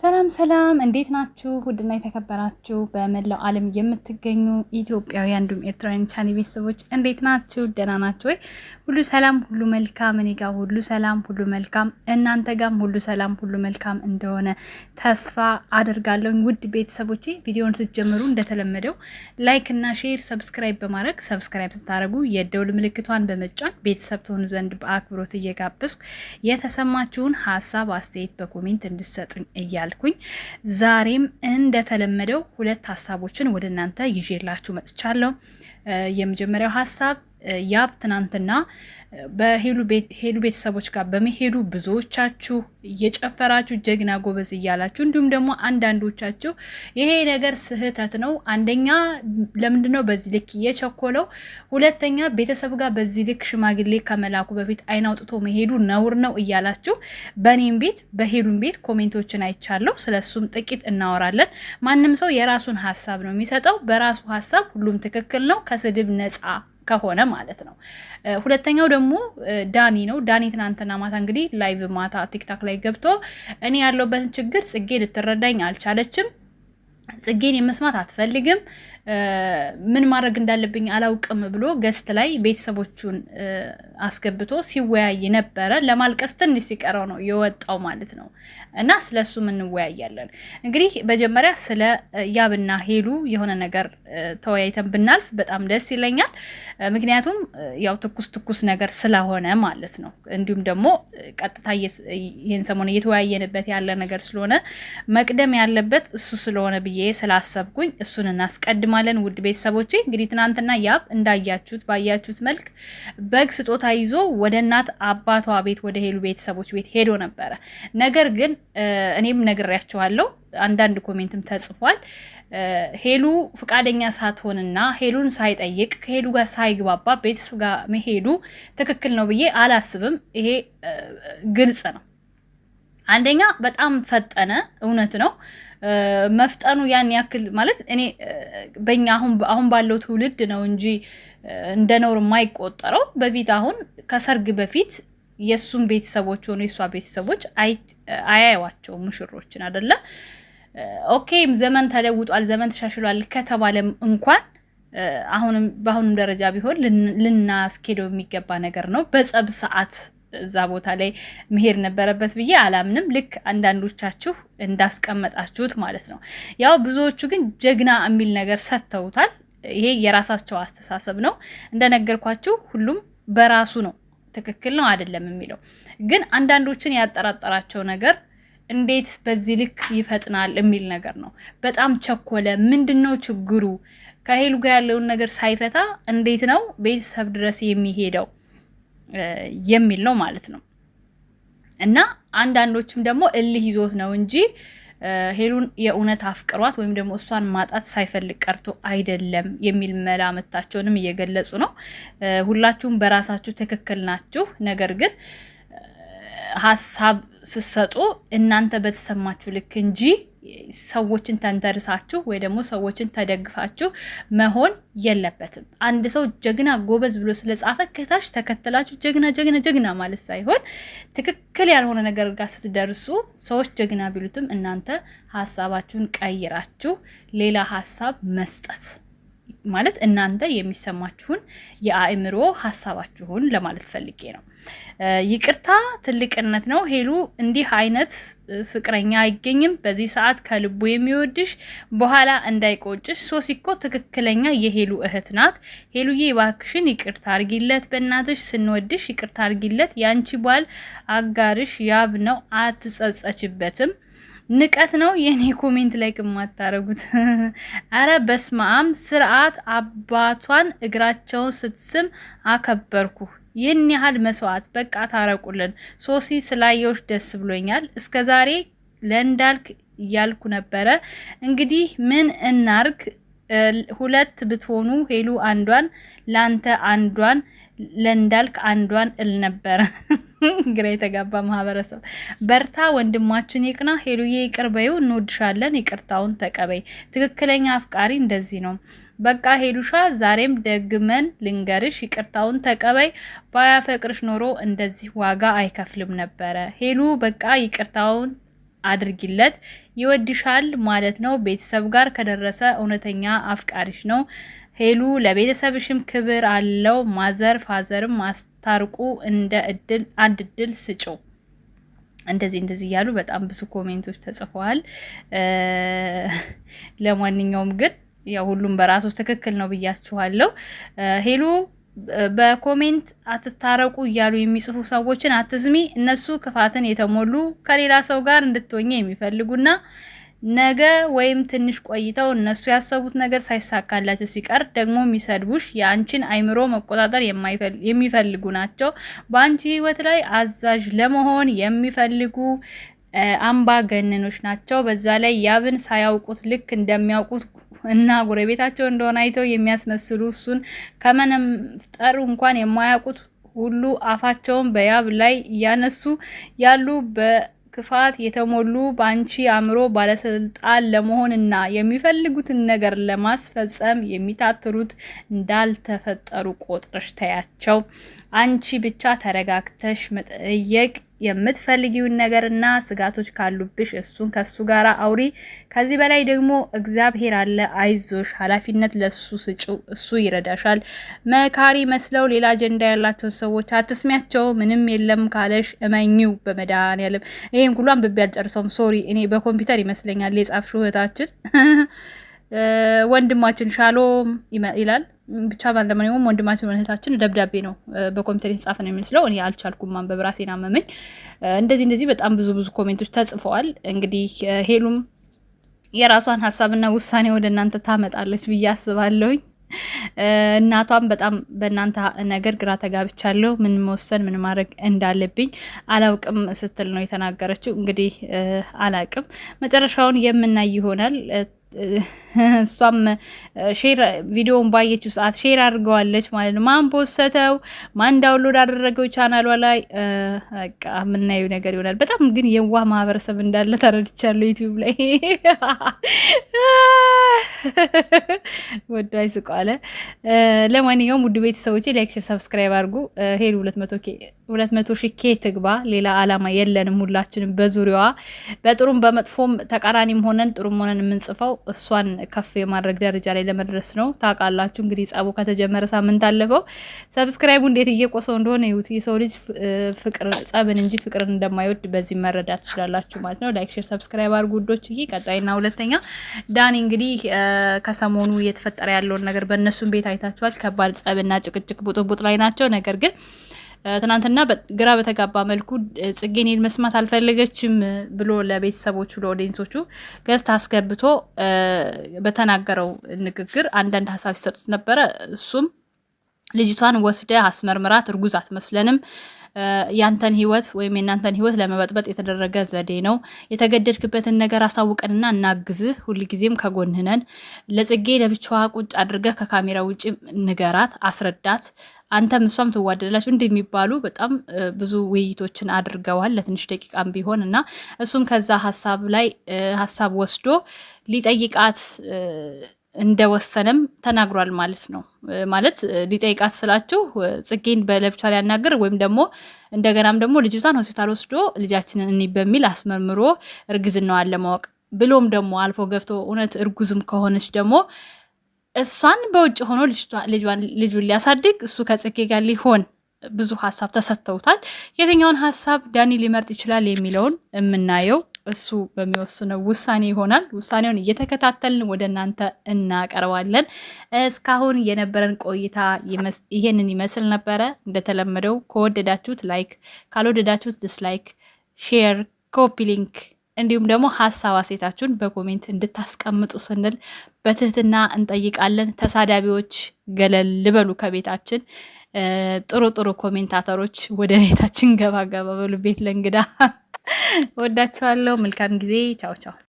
ሰላም ሰላም፣ እንዴት ናችሁ? ውድና የተከበራችሁ በመላው ዓለም የምትገኙ ኢትዮጵያውያን እንዲሁም ኤርትራውያን ቻኔ ቤተሰቦች እንዴት ናችሁ? ደህና ናችሁ ወይ? ሁሉ ሰላም፣ ሁሉ መልካም። እኔ ጋር ሁሉ ሰላም፣ ሁሉ መልካም። እናንተ ጋም ሁሉ ሰላም፣ ሁሉ መልካም እንደሆነ ተስፋ አደርጋለሁ። ውድ ቤተሰቦቼ ቪዲዮን ስትጀምሩ እንደተለመደው ላይክ እና ሼር፣ ሰብስክራይብ በማድረግ ሰብስክራይብ ስታደርጉ የደውል ምልክቷን በመጫን ቤተሰብ ትሆኑ ዘንድ በአክብሮት እየጋበዝኩ የተሰማችሁን ሀሳብ አስተያየት በኮሜንት እንድሰጡኝ እያለ እያልኩኝ ዛሬም እንደተለመደው ሁለት ሀሳቦችን ወደ እናንተ ይዤላችሁ መጥቻለሁ። የመጀመሪያው ሀሳብ ያብ ትናንትና በሄሉ ቤተሰቦች ጋር በመሄዱ ብዙዎቻችሁ እየጨፈራችሁ ጀግና ጎበዝ እያላችሁ እንዲሁም ደግሞ አንዳንዶቻችሁ ይሄ ነገር ስህተት ነው። አንደኛ ለምንድን ነው በዚህ ልክ እየቸኮለው? ሁለተኛ ቤተሰብ ጋር በዚህ ልክ ሽማግሌ ከመላኩ በፊት አይን አውጥቶ መሄዱ ነውር ነው እያላችሁ በእኔም ቤት በሄሉም ቤት ኮሜንቶችን አይቻለሁ። ስለሱም ጥቂት እናወራለን። ማንም ሰው የራሱን ሀሳብ ነው የሚሰጠው። በራሱ ሀሳብ ሁሉም ትክክል ነው። ከስድብ ነፃ ከሆነ ማለት ነው። ሁለተኛው ደግሞ ዳኒ ነው። ዳኒ ትናንትና ማታ እንግዲህ ላይቭ ማታ ቲክታክ ላይ ገብቶ እኔ ያለውበትን ችግር ጽጌ ልትረዳኝ አልቻለችም ጽጌን የመስማት አትፈልግም ምን ማድረግ እንዳለብኝ አላውቅም ብሎ ገስት ላይ ቤተሰቦቹን አስገብቶ ሲወያይ ነበረ። ለማልቀስ ትንሽ ሲቀረው ነው የወጣው ማለት ነው። እና ስለሱም እንወያያለን። እንግዲህ መጀመሪያ ስለ ያብና ሄሉ የሆነ ነገር ተወያይተን ብናልፍ በጣም ደስ ይለኛል። ምክንያቱም ያው ትኩስ ትኩስ ነገር ስለሆነ ማለት ነው። እንዲሁም ደግሞ ቀጥታ ይህን ሰሞን እየተወያየንበት ያለ ነገር ስለሆነ መቅደም ያለበት እሱ ስለሆነ ብዬ ስላሰብኩኝ እሱን እናስቀድማል እንገረማለን። ውድ ቤተሰቦቼ እንግዲህ ትናንትና ያብ እንዳያችሁት ባያችሁት መልክ በግ ስጦታ ይዞ ወደ እናት አባቷ ቤት ወደ ሄሉ ቤተሰቦች ቤት ሄዶ ነበረ። ነገር ግን እኔም ነግሬያችኋለሁ አንዳንድ ኮሜንትም ተጽፏል። ሄሉ ፍቃደኛ ሳትሆንና ሄሉን ሳይጠይቅ ከሄሉ ጋር ሳይግባባ ቤተሰብ ጋር መሄዱ ትክክል ነው ብዬ አላስብም። ይሄ ግልጽ ነው። አንደኛ በጣም ፈጠነ፣ እውነት ነው። መፍጠኑ ያን ያክል ማለት እኔ በኛ አሁን ባለው ትውልድ ነው እንጂ እንደ ነውር የማይቆጠረው በፊት አሁን ከሰርግ በፊት የእሱን ቤተሰቦች ሆኑ የእሷ ቤተሰቦች አያዩዋቸው ሙሽሮችን አደለ። ኦኬም ዘመን ተለውጧል፣ ዘመን ተሻሽሏል ከተባለም እንኳን አሁንም በአሁኑም ደረጃ ቢሆን ልናስኬደው የሚገባ ነገር ነው በጸብ ሰዓት እዛ ቦታ ላይ መሄድ ነበረበት ብዬ አላምንም። ልክ አንዳንዶቻችሁ እንዳስቀመጣችሁት ማለት ነው። ያው ብዙዎቹ ግን ጀግና የሚል ነገር ሰጥተውታል። ይሄ የራሳቸው አስተሳሰብ ነው። እንደነገርኳችሁ ሁሉም በራሱ ነው ትክክል ነው አይደለም የሚለው ግን አንዳንዶችን ያጠራጠራቸው ነገር እንዴት በዚህ ልክ ይፈጥናል የሚል ነገር ነው። በጣም ቸኮለ። ምንድን ነው ችግሩ? ከሄሉ ጋር ያለውን ነገር ሳይፈታ እንዴት ነው ቤተሰብ ድረስ የሚሄደው? የሚል ነው ማለት ነው። እና አንዳንዶችም ደግሞ እልህ ይዞት ነው እንጂ ሄሉን የእውነት አፍቅሯት ወይም ደግሞ እሷን ማጣት ሳይፈልግ ቀርቶ አይደለም የሚል መላምታቸውንም እየገለጹ ነው። ሁላችሁም በራሳችሁ ትክክል ናችሁ። ነገር ግን ሀሳብ ስትሰጡ እናንተ በተሰማችሁ ልክ እንጂ ሰዎችን ተንተርሳችሁ ወይ ደግሞ ሰዎችን ተደግፋችሁ መሆን የለበትም። አንድ ሰው ጀግና ጎበዝ ብሎ ስለጻፈ ከታች ተከተላችሁ ጀግና ጀግና ጀግና ማለት ሳይሆን ትክክል ያልሆነ ነገር ጋር ስትደርሱ ሰዎች ጀግና ቢሉትም እናንተ ሀሳባችሁን ቀይራችሁ ሌላ ሀሳብ መስጠት ማለት እናንተ የሚሰማችሁን የአእምሮ ሀሳባችሁን ለማለት ፈልጌ ነው። ይቅርታ ትልቅነት ነው። ሄሉ እንዲህ አይነት ፍቅረኛ አይገኝም። በዚህ ሰዓት ከልቡ የሚወድሽ በኋላ እንዳይቆጭሽ። ሶሲ እኮ ትክክለኛ የሄሉ እህት ናት። ሄሉዬ እባክሽን ይቅርታ አርጊለት፣ በእናትሽ ስንወድሽ ይቅርታ አርጊለት። ያንቺ ባል አጋርሽ ያብ ነው፣ አትጸጸችበትም ንቀት ነው የኔ ኮሜንት ላይ የማታረጉት። አረ በስማም ስርዓት አባቷን እግራቸውን ስትስም አከበርኩ። ይህን ያህል መስዋዕት በቃ ታረቁልን። ሶሲ ስላየዎች ደስ ብሎኛል። እስከዛሬ ለእንዳልክ እያልኩ ነበረ። እንግዲህ ምን እናርግ ሁለት ብትሆኑ ሄሉ አንዷን ላንተ አንዷን ለእንዳልክ አንዷን እል ነበረ። ግራ የተጋባ ማህበረሰብ። በርታ ወንድማችን ይቅና። ሄሉዬ ይቅር በዩ፣ እንወድሻለን። ይቅርታውን ተቀበይ። ትክክለኛ አፍቃሪ እንደዚህ ነው። በቃ ሄሉሻ፣ ዛሬም ደግመን ልንገርሽ፣ ይቅርታውን ተቀበይ። ባያፈቅርሽ ኖሮ እንደዚህ ዋጋ አይከፍልም ነበረ። ሄሉ በቃ ይቅርታውን አድርጊለት። ይወድሻል ማለት ነው። ቤተሰብ ጋር ከደረሰ እውነተኛ አፍቃሪሽ ነው። ሄሉ ለቤተሰብሽም ክብር አለው። ማዘር ፋዘርም አስታርቁ፣ እንደ እድል አንድ እድል ስጭው። እንደዚህ እንደዚህ እያሉ በጣም ብዙ ኮሜንቶች ተጽፈዋል። ለማንኛውም ግን ያው ሁሉም በራሱ ትክክል ነው ብያችኋለሁ ሄሉ በኮሜንት አትታረቁ እያሉ የሚጽፉ ሰዎችን አትስሚ። እነሱ ክፋትን የተሞሉ ከሌላ ሰው ጋር እንድትወኘ የሚፈልጉና ነገ ወይም ትንሽ ቆይተው እነሱ ያሰቡት ነገር ሳይሳካላቸው ሲቀር ደግሞ የሚሰድቡሽ የአንቺን አይምሮ መቆጣጠር የሚፈልጉ ናቸው። በአንቺ ሕይወት ላይ አዛዥ ለመሆን የሚፈልጉ አምባ ገነኖች ናቸው። በዛ ላይ ያብን ሳያውቁት ልክ እንደሚያውቁት እና ጎረቤታቸው እንደሆነ አይተው የሚያስመስሉ እሱን ከመነፍጠሩ እንኳን የማያውቁት ሁሉ አፋቸውን በያብ ላይ እያነሱ ያሉ በክፋት የተሞሉ በአንቺ አእምሮ ባለስልጣን ለመሆንና የሚፈልጉትን ነገር ለማስፈጸም የሚታትሩት እንዳልተፈጠሩ ቆጥረሽ ተያቸው። አንቺ ብቻ ተረጋግተሽ መጠየቅ የምትፈልጊውን ነገርና ስጋቶች ካሉብሽ እሱን ከሱ ጋር አውሪ። ከዚህ በላይ ደግሞ እግዚአብሔር አለ፣ አይዞሽ፣ ኃላፊነት ለሱ ስጭው፣ እሱ ይረዳሻል። መካሪ መስለው ሌላ አጀንዳ ያላቸው ሰዎች አትስሚያቸው። ምንም የለም ካለሽ እመኚው በመድኃኒዓለም። ይሄን ሁሉ አንብቤ አልጨርሰውም፣ ሶሪ። እኔ በኮምፒውተር ይመስለኛል የጻፍሽው እህታችን ወንድማችን ሻሎም ይላል ብቻ ባለመሆን ወንድማችን እህታችን ደብዳቤ ነው በኮምፒውተር የተጻፈ ነው የሚመስለው። እኔ አልቻልኩም ማንበብ፣ ራሴን አመመኝ። እንደዚህ እንደዚህ በጣም ብዙ ብዙ ኮሜንቶች ተጽፈዋል። እንግዲህ ሄሉም የራሷን ሀሳብና ውሳኔ ወደ እናንተ ታመጣለች ብዬ አስባለሁኝ። እናቷም በጣም በእናንተ ነገር ግራ ተጋብቻለሁ፣ ምን መወሰን ምን ማድረግ እንዳለብኝ አላውቅም ስትል ነው የተናገረችው። እንግዲህ አላውቅም መጨረሻውን የምናይ ይሆናል። እሷም ሼር ቪዲዮውን ባየችው ሰዓት ሼር አድርገዋለች ማለት ነው። ማን ፖሰተው ማን ዳውንሎድ አደረገው ቻናሏ ላይ በቃ የምናየው ነገር ይሆናል። በጣም ግን የዋህ ማህበረሰብ እንዳለ ተረድቻለሁ። ዩቲዩብ ላይ ወዶ አይስቋለ። ለማንኛውም ውድ ቤተሰቦቼ ላይክ፣ ሼር፣ ሰብስክራይብ አድርጉ። ሄዱ ሁለት መቶ ኬ ሁለት መቶ ሺህ ትግባ። ሌላ አላማ የለንም። ሁላችንም በዙሪያዋ በጥሩም በመጥፎም ተቃራኒም ሆነን ጥሩም ሆነን የምንጽፈው እሷን ከፍ የማድረግ ደረጃ ላይ ለመድረስ ነው። ታውቃላችሁ እንግዲህ ጸቡ ከተጀመረ ሳምንት አለፈው። ሰብስክራይቡ እንዴት እየቆሰው እንደሆነ ይሁት። የሰው ልጅ ፍቅር ጸብን እንጂ ፍቅርን እንደማይወድ በዚህ መረዳት ትችላላችሁ ማለት ነው። ላይክ፣ ሼር፣ ሰብስክራይብ አድርጉ ውዶች። ይሄ ቀጣይና ሁለተኛ ዳኒ እንግዲህ ከሰሞኑ እየተፈጠረ ያለውን ነገር በእነሱም ቤት አይታችኋል። ከባድ ጸብና ጭቅጭቅ ቡጥቡጥ ላይ ናቸው ነገር ግን ትናንትና ግራ በተጋባ መልኩ ጽጌን መስማት አልፈለገችም ብሎ ለቤተሰቦቹ ለኦዲንሶቹ ገዝት አስገብቶ በተናገረው ንግግር አንዳንድ ሀሳብ ሲሰጡት ነበረ። እሱም ልጅቷን ወስደ አስመርምራት፣ እርጉዝ አትመስለንም ያንተን ህይወት ወይም የእናንተን ህይወት ለመበጥበጥ የተደረገ ዘዴ ነው። የተገደድክበትን ነገር አሳውቀንና እናግዝህ፣ ሁልጊዜም ከጎንህ ነን። ለጽጌ ለብቻዋ ቁጭ አድርገህ ከካሜራ ውጭ ንገራት፣ አስረዳት አንተም እሷም ትዋደዳላችሁ እንደሚባሉ የሚባሉ በጣም ብዙ ውይይቶችን አድርገዋል ለትንሽ ደቂቃም ቢሆን እና እሱም ከዛ ሀሳብ ላይ ሀሳብ ወስዶ ሊጠይቃት እንደወሰነም ተናግሯል ማለት ነው። ማለት ሊጠይቃት ስላችሁ ጽጌን በለብቻ ሊያናግር ወይም ደግሞ እንደገናም ደግሞ ልጅቷን ሆስፒታል ወስዶ ልጃችንን እኒ በሚል አስመርምሮ እርግዝናዋን ለማወቅ ብሎም ደግሞ አልፎ ገብቶ እውነት እርጉዝም ከሆነች ደግሞ እሷን በውጭ ሆኖ ልጁን ሊያሳድግ እሱ ከጽጌ ጋር ሊሆን ብዙ ሀሳብ ተሰጥተውታል። የትኛውን ሀሳብ ዳኒ ሊመርጥ ይችላል የሚለውን የምናየው እሱ በሚወስነው ውሳኔ ይሆናል። ውሳኔውን እየተከታተልን ወደ እናንተ እናቀርባለን። እስካሁን የነበረን ቆይታ ይሄንን ይመስል ነበረ። እንደተለመደው ከወደዳችሁት ላይክ፣ ካልወደዳችሁት ዲስላይክ፣ ሼር፣ ኮፒ ሊንክ እንዲሁም ደግሞ ሀሳብ አሴታችሁን በኮሜንት እንድታስቀምጡ ስንል በትህትና እንጠይቃለን። ተሳዳቢዎች ገለል ልበሉ ከቤታችን። ጥሩ ጥሩ ኮሜንታተሮች ወደ ቤታችን ገባ ገባ በሉ። ቤት ለእንግዳ ወዳቸዋለሁ። መልካም ጊዜ። ቻው ቻው።